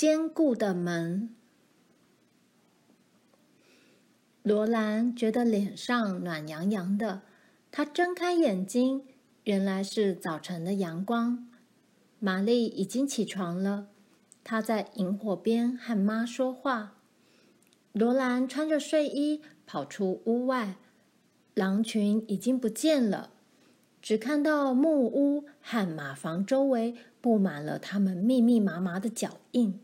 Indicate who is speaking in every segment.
Speaker 1: 堅固的門。羅蘭覺得臉上暖洋洋的，她睜開眼睛，原來是早晨的陽光。瑪麗已經起床了，她在螢火邊和媽說話。羅蘭穿着睡衣跑出屋外，狼群已經不見了，只看到木屋和馬房周圍佈滿了他們密密麻麻的腳印。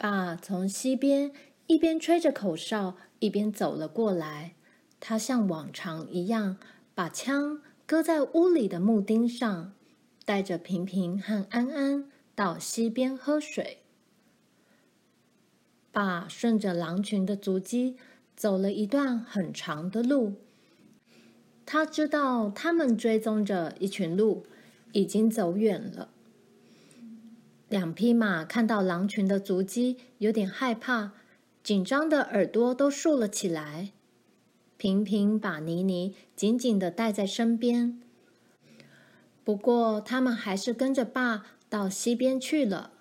Speaker 1: 爸從溪邊一邊吹着口哨，一邊走了過來。他像往常一樣，把槍擱在屋裡的木釘上，帶着平平和安安到溪邊喝水。爸順着狼群的足跡走了一段很長的路，他知道他們追蹤着一群鹿，已經走遠了。兩匹馬看到狼群的足跡，有點害怕，緊張的耳朵都豎了起來。平平把妮妮緊緊的帶在身邊。不過，他們還是跟着爸到溪邊去了，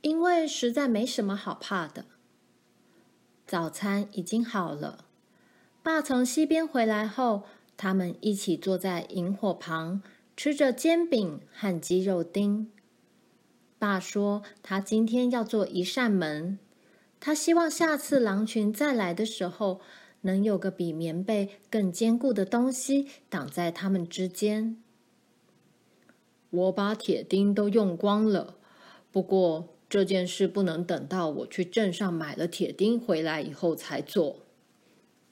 Speaker 1: 因為實在沒什麼好怕的。早餐已經好了，爸從溪邊回來後，他們一起坐在營火旁，吃着煎餅和雞肉丁。爸說：“他今天要做一扇門，他希望下次狼群再來的時候，能有個比棉被更堅固的東西擋在他們之間。”我把鐵釘都用光了，不過這件事不能等到我去鎮上買了鐵釘回來以後才做。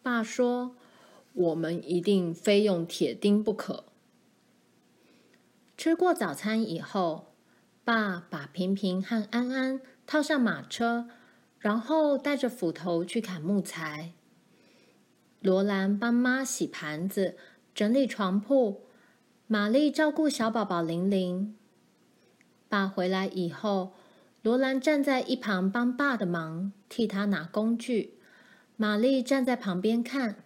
Speaker 1: 爸說：“我們一定非用鐵釘不可。”吃過早餐以後，爸把平平和安安套上馬車，然後帶着斧頭去砍木材。羅蘭幫媽洗盤子、整理床鋪，瑪麗照顧小寶寶玲玲。爸回來以後，羅蘭站在一旁幫爸的忙，替他拿工具。瑪麗站在旁邊看。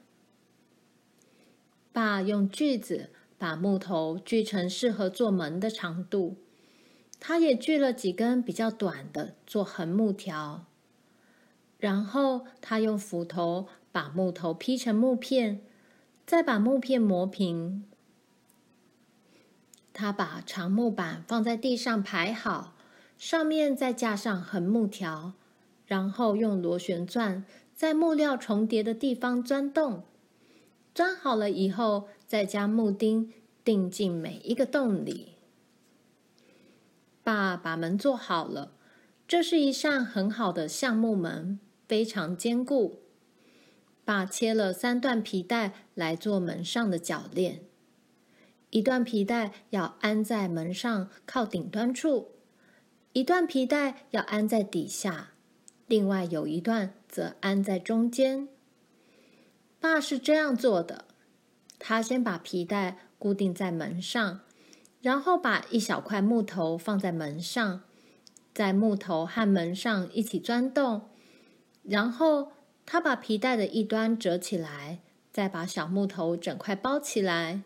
Speaker 1: 爸用鋸子把木頭鋸成適合做門的長度。他也鋸了幾根比較短的做橫木條，然後他用斧頭把木頭劈成木片，再把木片磨平。他把長木板放在地上排好，上面再架上橫木條，然後用螺旋鑽在木料重疊的地方鑽洞，鑽好了以後再將木釘釘進每一個洞裡。爸把門做好了，這是一扇很好的橡木門，非常堅固。爸切了三段皮帶來做門上的鉸鏈，一段皮帶要安在門上靠頂端處，一段皮帶要安在底下，另外有一段則安在中間。爸是這樣做的，他先把皮帶固定在門上。然後把一小塊木頭放在門上，在木頭和門上一起鑽洞。然後他把皮帶的一端折起來，再把小木頭整塊包起來。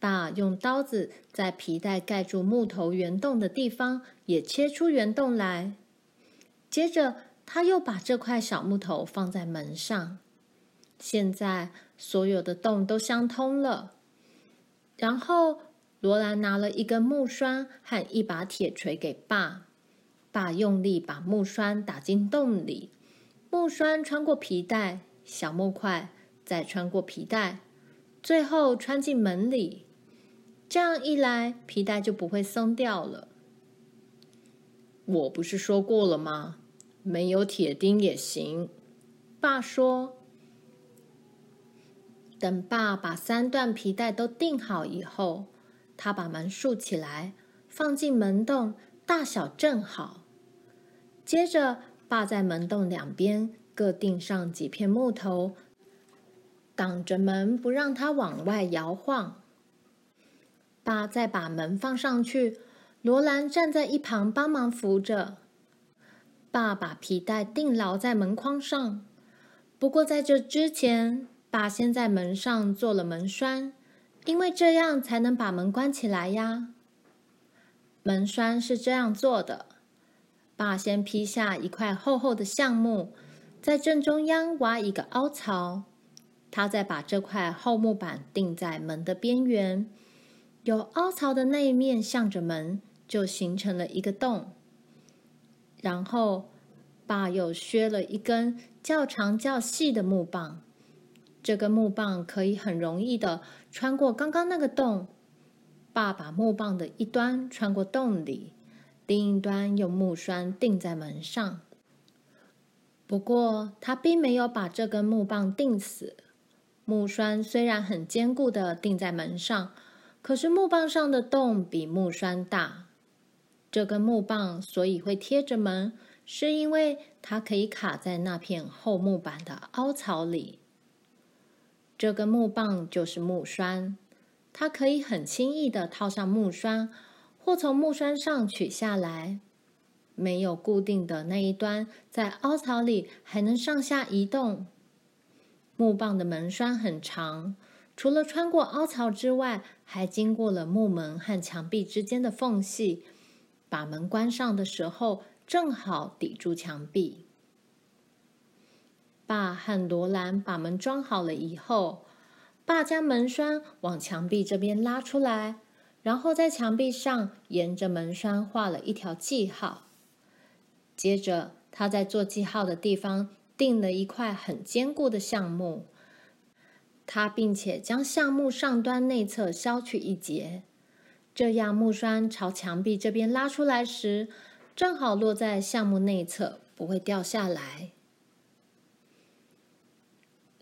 Speaker 1: 把用刀子在皮帶蓋住木頭圓洞的地方也切出圓洞來。接着他又把這塊小木頭放在門上，現在所有的洞都相通了。然後。羅蘭拿了一根木栓和一把鐵錘給爸。爸用力把木栓打進洞裡，木栓穿過皮帶，小木塊再穿過皮帶，最後穿進門裡。這樣一來，皮帶就不會鬆掉了。我不是說過了嗎？沒有鐵釘也行。爸說：“等爸把三段皮帶都釘好以後，”他把門豎起來，放進門洞，大小正好。接着，爸在門洞兩邊各釘上幾片木頭，擋着門，不讓它往外搖晃。爸再把門放上去，羅蘭站在一旁幫忙扶着。爸把皮帶釘牢在門框上。不過，在這之前，爸先在門上做了門栓。因為這樣才能把門關起來呀。門栓是這樣做的：爸先劈下一塊厚厚的橡木，在正中央挖一個凹槽，他再把這塊厚木板釘在門的邊緣，有凹槽的那一面向着門，就形成了一個洞。然後，爸又削了一根較長較細的木棒。這根木棒可以很容易的穿過剛剛那個洞。爸爸把木棒的一端穿過洞裡，另一端用木栓釘在門上。不過他並沒有把這根木棒釘死。木栓雖然很堅固的釘在門上，可是木棒上的洞比木栓大。這根木棒所以會貼着門，是因為它可以卡在那片厚木板的凹槽裡。這根、個、木棒就是木栓，它可以很輕易的套上木栓，或從木栓上取下來。沒有固定的那一端，在凹槽裡還能上下移動。木棒的門栓很長，除了穿過凹槽之外，還經過了木門和牆壁之間的縫隙。把門關上的時候，正好抵住牆壁。爸和羅蘭把門裝好了以後，爸將門栓往牆壁這邊拉出來，然後在牆壁上沿着門栓畫了一條記號。接着，他在做記號的地方釘了一塊很堅固的橡木，他並且將橡木上端內側削去一截，這樣木栓朝牆壁這邊拉出來時，正好落在橡木內側，不會掉下來。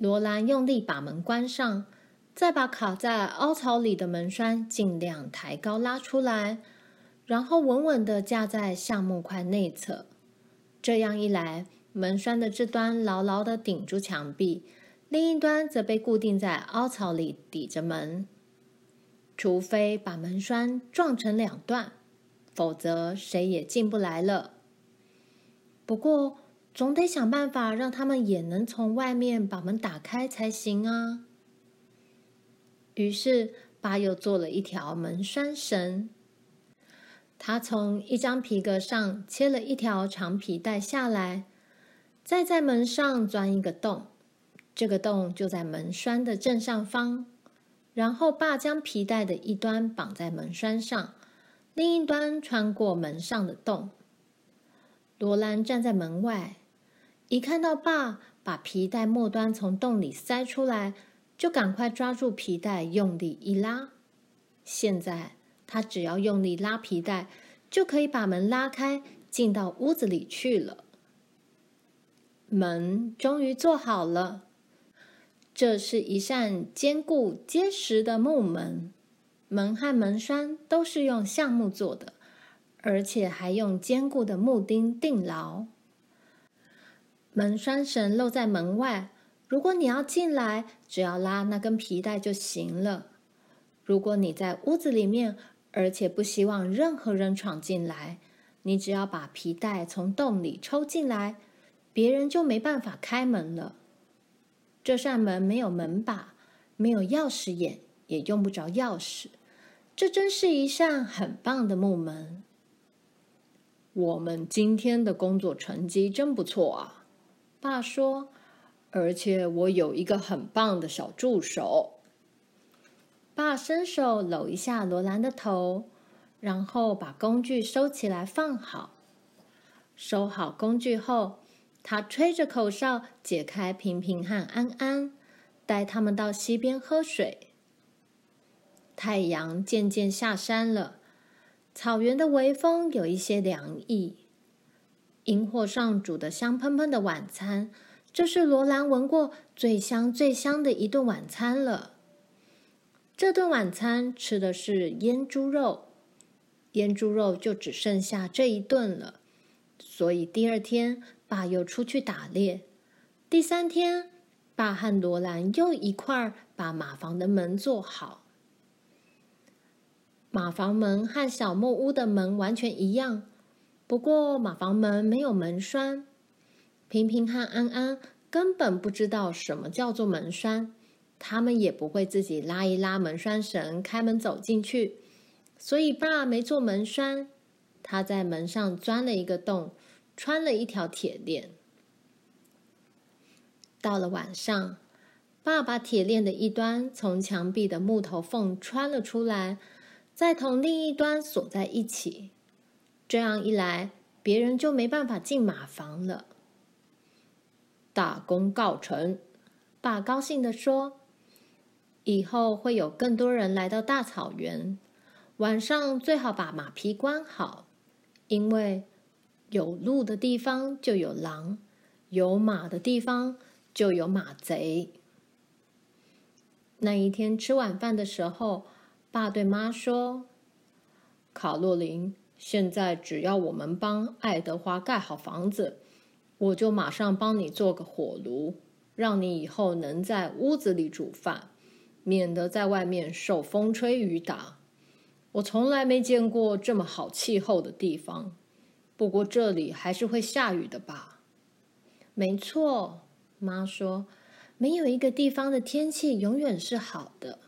Speaker 1: 羅蘭用力把門關上，再把卡在凹槽裡的門栓盡量抬高拉出來，然後穩穩地架在橡木塊內側。這樣一來，門栓的這端牢牢地頂住牆壁，另一端則被固定在凹槽裡抵着門。除非把門栓撞成兩段，否則誰也進不來了。不過，總得想辦法讓他們也能從外面把門打開才行啊！於是，爸又做了一條門栓繩。他從一張皮革上切了一條長皮帶下來，再在門上鑽一個洞，這個洞就在門栓的正上方。然後，爸將皮帶的一端綁在門栓上，另一端穿過門上的洞。羅蘭站在門外。一看到爸把皮帶末端從洞裡塞出來，就趕快抓住皮帶，用力一拉。現在他只要用力拉皮帶，就可以把門拉開，進到屋子裡去了。門終於做好了，這是一扇堅固結實的木門，門和門栓都是用橡木做的，而且還用堅固的木釘釘牢。門栓繩露在門外。如果你要進來，只要拉那根皮帶就行了。如果你在屋子裡面，而且不希望任何人闖進來，你只要把皮帶從洞裡抽進來，別人就沒辦法開門了。這扇門沒有門把，沒有鑰匙眼，也用不着鑰匙。這真是一扇很棒的木門。我們今天的工作成績真不錯啊。爸說：“而且我有一個很棒的小助手。”爸伸手摟一下羅蘭的頭，然後把工具收起來放好。收好工具後，他吹着口哨，解開平平和安安，帶他們到溪邊喝水。太陽漸漸下山了，草原的微風有一些涼意。營火上煮的香噴噴的晚餐，這是羅蘭聞過最香、最香的一頓晚餐了。這頓晚餐吃的是醃豬肉，醃豬肉就只剩下這一頓了，所以第二天爸又出去打獵。第三天，爸和羅蘭又一塊兒把馬房的門做好。馬房門和小木屋的門完全一樣。不過，馬房門沒有門栓。平平和安安根本不知道什麼叫做門栓，他們也不會自己拉一拉門栓繩開門走進去。所以，爸沒做門栓。他在門上鑽了一個洞，穿了一條鐵鏈。到了晚上，爸把鐵鏈的一端從牆壁的木頭縫穿了出來，再同另一端鎖在一起。這樣一來，別人就沒辦法進馬房了。大功告成，爸高興地說：“以後會有更多人來到大草原，晚上最好把馬匹關好，因為有鹿的地方就有狼，有馬的地方就有馬賊。”那一天吃晚飯的時候，爸對媽說：“卡洛琳。”現在只要我們幫愛德華蓋好房子，我就馬上幫你做個火爐，讓你以後能在屋子裡煮飯，免得在外面受風吹雨打。我從來沒見過這麼好氣候的地方，不過這裡還是會下雨的吧？沒錯，媽說，沒有一個地方的天氣永遠是好的。